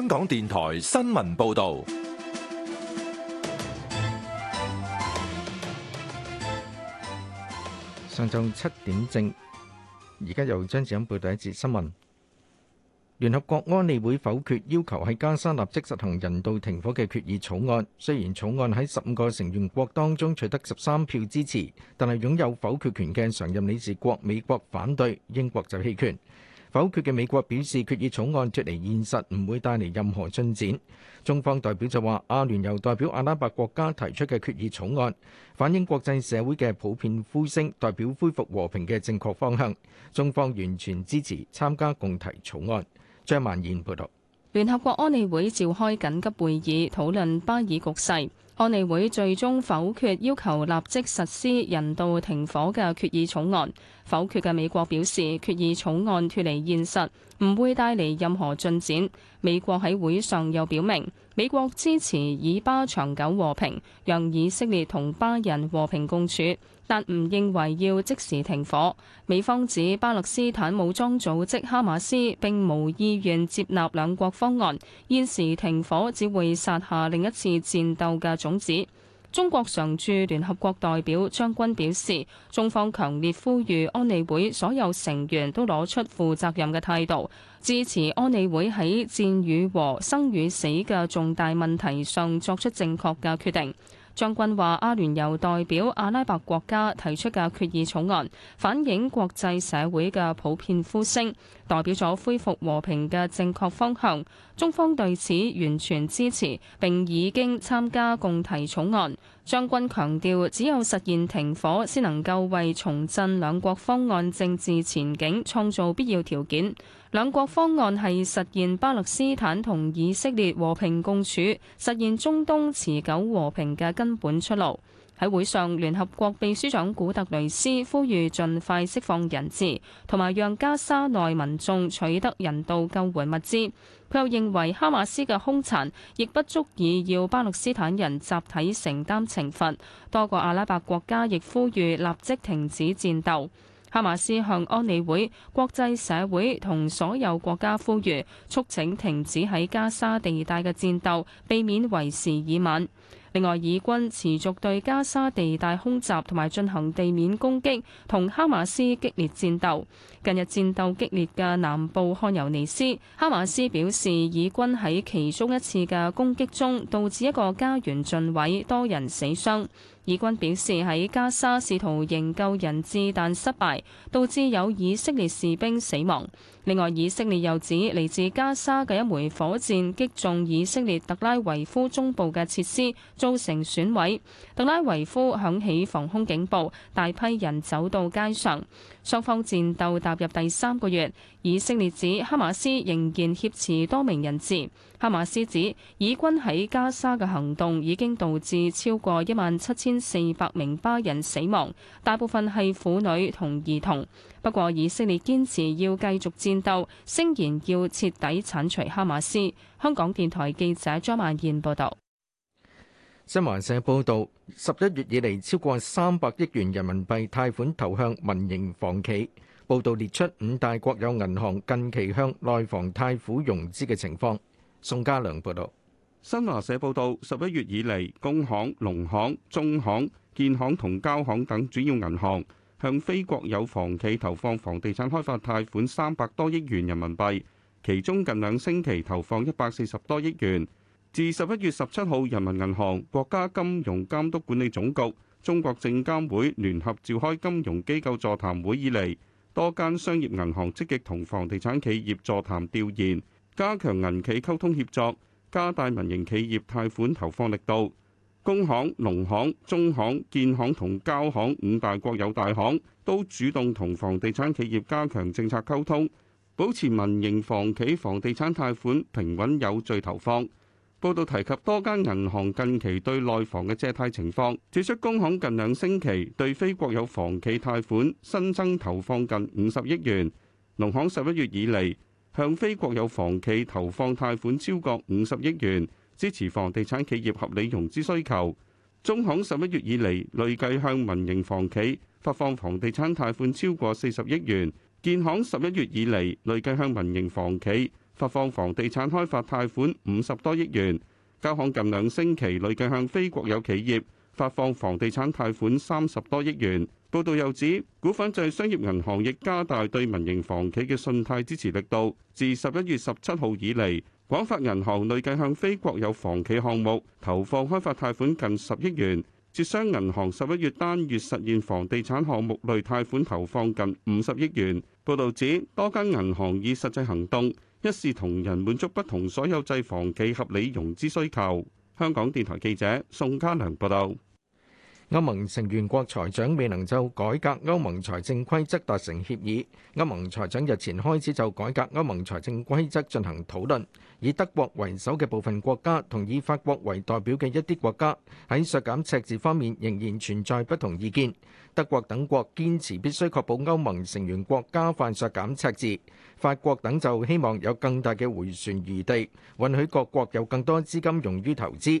香港電台新聞報道，上晝七點正，而家由張志欣報第一節新聞。聯合國安理會否決要求喺加沙立即實行人道停火嘅決議草案。雖然草案喺十五個成員國當中取得十三票支持，但係擁有否決權嘅常任理事國美國反對，英國就棄權。否決嘅美國表示，決議草案脫離現實，唔會帶嚟任何進展。中方代表就話：阿聯酋代表阿拉伯國家提出嘅決議草案，反映國際社會嘅普遍呼聲，代表恢復和平嘅正確方向。中方完全支持參加共提草案。張曼燕報道，聯合國安理會召開緊急會議，討論巴以局勢。安理會最終否決要求立即實施人道停火嘅決議草案，否決嘅美國表示，決議草案脱離現實，唔會帶嚟任何進展。美國喺會上又表明，美國支持以巴長久和平，讓以色列同巴人和平共處，但唔認為要即時停火。美方指巴勒斯坦武裝組織哈馬斯並無意願接納兩國方案，現時停火只會撒下另一次戰鬥嘅種子。中國常駐聯合國代表張軍表示，中方強烈呼籲安理會所有成員都攞出負責任嘅態度，支持安理會喺戰與和、生與死嘅重大問題上作出正確嘅決定。將軍話：阿聯酋代表阿拉伯國家提出嘅決議草案，反映國際社會嘅普遍呼聲，代表咗恢復和平嘅正確方向。中方對此完全支持，並已經參加共提草案。將軍強調，只有實現停火，先能夠為重振兩國方案政治前景創造必要條件。兩國方案係實現巴勒斯坦同以色列和平共處，實現中東持久和平嘅根本出路。喺會上，聯合國秘書長古特雷斯呼籲盡快釋放人質，同埋讓加沙內民眾取得人道救援物資。佢又認為哈馬斯嘅兇殘亦不足以要巴勒斯坦人集體承擔懲罰。多個阿拉伯國家亦呼籲立即停止戰鬥。哈馬斯向安理會、國際社會同所有國家呼籲，促請停止喺加沙地帶嘅戰鬥，避免為時已晚。另外，以軍持續對加沙地帶空襲同埋進行地面攻擊，同哈馬斯激烈戰鬥。近日戰鬥激烈嘅南部漢尤尼斯，哈馬斯表示，以軍喺其中一次嘅攻擊中導致一個家園盡毀，多人死傷。以軍表示喺加沙試圖營救人質，但失敗，導致有以色列士兵死亡。另外，以色列又指嚟自加沙嘅一枚火箭擊中以色列特拉維夫中部嘅設施，造成損毀，特拉維夫響起防空警報，大批人走到街上。雙方戰鬥踏入第三個月，以色列指哈馬斯仍然挾持多名人質，哈馬斯指以軍喺加沙嘅行動已經導致超過一萬七千四百名巴人死亡，大部分係婦女同兒童。不過，以色列堅持要繼續戰鬥，聲言要徹底鏟除哈馬斯。香港電台記者張曼燕報道。新華社報道，十一月以嚟超過三百億元人民幣貸款投向民營房企。報道列出五大國有銀行近期向內房貸款融資嘅情況。宋家良報道，新華社報道，十一月以嚟，工行、農行、中行、建行同交行等主要銀行向非國有房企投放房地產開發貸款三百多億元人民幣，其中近兩星期投放一百四十多億元。自十一月十七號，人民銀行、國家金融監督管理總局、中國證監會聯合召開金融機構座談會以來，多間商業銀行積極同房地產企業座談調研，加強銀企溝通協作，加大民營企業貸款投放力度。工行、農行、中行、建行同交行五大國有大行都主動同房地產企業加強政策溝通，保持民營房企房地產貸款平穩有序投放。報道提及多間銀行近期對內房嘅借貸情況，指出工行近兩星期對非國有房企貸款新增投放近五十億元；農行十一月以嚟向非國有房企投放貸款超過五十億元，支持房地產企業合理融資需求；中行十一月以嚟累計向民營房企發放房地產貸款超過四十億元；建行十一月以嚟累計向民營房企發放房地產開發貸款五十多億元，交行近兩星期累計向非國有企業發放房地產貸款三十多億元。報道又指，股份制商業銀行亦加大對民營房企嘅信貸支持力度。自十一月十七號以嚟，廣發銀行累計向非國有房企項目投放開發貸款近十億元；浙商銀行十一月單月實現房地產項目類貸款投放近五十億元。報道指，多間銀行以實際行動。一視同仁，滿足不同所有制房企合理融資需求。香港電台記者宋嘉良報道。歐盟成員國財長未能就改革歐盟財政規則達成協議。歐盟財長日前開始就改革歐盟財政規則進行討論，以德國為首嘅部分國家同以法國為代表嘅一啲國家喺削減赤字方面仍然存在不同意見。德國等國堅持必須確保歐盟成員國加快削減赤字，法國等就希望有更大嘅回旋餘地，允許各國有更多資金用於投資。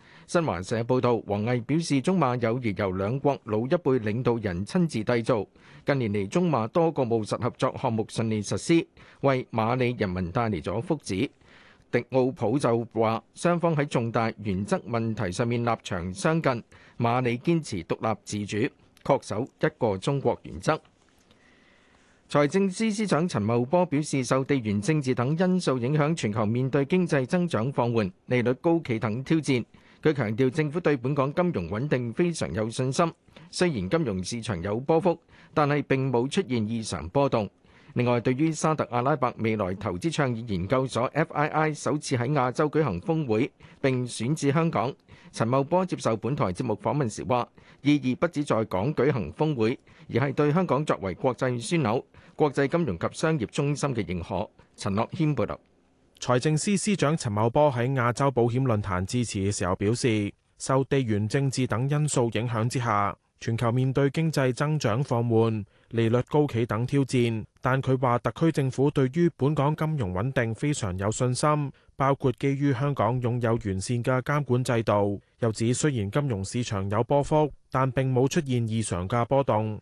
新華社報道，王毅表示，中馬友誼由兩國老一輩領導人親自締造。近年嚟，中馬多個務實合作項目順利實施，為馬里人民帶嚟咗福祉。迪奧普就話，雙方喺重大原則問題上面立場相近，馬里堅持獨立自主，確守一個中國原則。財政司司長陳茂波表示，受地緣政治等因素影響，全球面對經濟增長放緩、利率高企等挑戰。佢強調政府對本港金融穩定非常有信心，雖然金融市場有波幅，但係並冇出現異常波動。另外，對於沙特阿拉伯未來投資倡議研究所 （FII） 首次喺亞洲舉行峯會並選址香港，陳茂波接受本台節目訪問時話：意義不止在港舉行峯會，而係對香港作為國際樞紐、國際金融及商業中心嘅認可。陳樂軒報導。財政司司長陳茂波喺亞洲保險論壇致辭嘅時候表示，受地緣政治等因素影響之下，全球面對經濟增長放緩、利率高企等挑戰。但佢話特區政府對於本港金融穩定非常有信心，包括基於香港擁有完善嘅監管制度。又指雖然金融市場有波幅，但並冇出現異常嘅波動。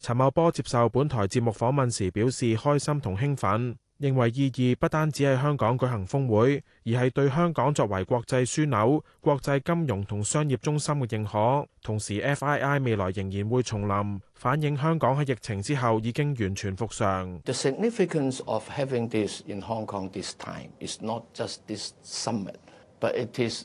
陳茂波接受本台節目訪問時表示開心同興奮，認為意義不單止係香港舉行峰會，而係對香港作為國際樞紐、國際金融同商業中心嘅認可。同時，FII 未來仍然會重臨，反映香港喺疫情之後已經完全復常。The significance of having this in Hong Kong this time is not just this summit, but it is.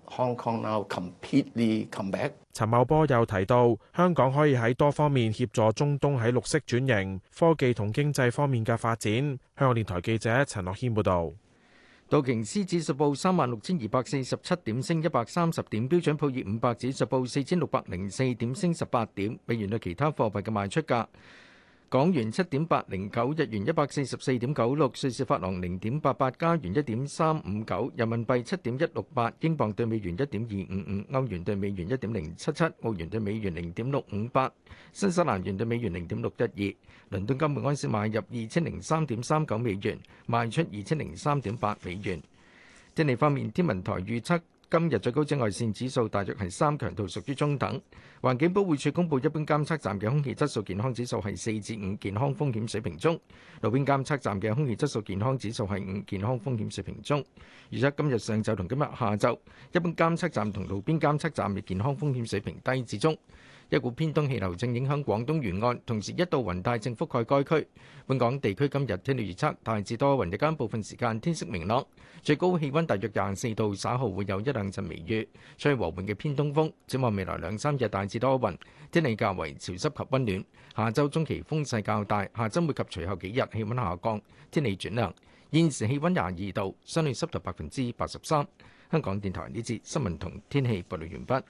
香港 now completely come back。陳茂波又提到，香港可以喺多方面協助中東喺綠色轉型、科技同經濟方面嘅發展。香港電台記者陳樂軒報導。道瓊斯指數報三萬六千二百四十七點升，升一百三十點。標準普爾五百指數報四千六百零四點，升十八點。比原嚟其他貨幣嘅賣出價。港元七點八零九，日元一百四十四點九六，瑞士法郎零點八八，加元一點三五九，人民幣七點一六八，英鎊對美元一點二五五，歐元對美元一點零七七，澳元對美元零點六五八，新西蘭元對美元零點六一二。倫敦金每安士買入二千零三點三九美元，賣出二千零三點八美元。天氣方面，天文台預測。今日最高紫外線指數大約係三，強度屬於中等。環境保護署公布，一般監測站嘅空氣質素健康指數係四至五，健康風險水平中；路邊監測站嘅空氣質素健康指數係五，健康風險水平中。預測今日上晝同今日下晝，一般監測站同路邊監測站嘅健康風險水平低至中。一股偏東氣流正影響廣東沿岸，同時一道雲帶正覆蓋該區。本港地區今日天氣預測大致多雲，日間部分時間天色明朗，最高氣温大約廿四度，稍後會有一兩陣微雨，吹和緩嘅偏東風。展望未來兩三日大致多雲，天氣較為潮濕及温暖。下週中期風勢較大，下週末及隨後幾日氣温下降，天氣轉涼。現時氣温廿二度，相對濕度百分之八十三。香港電台呢節新聞同天氣報告完畢。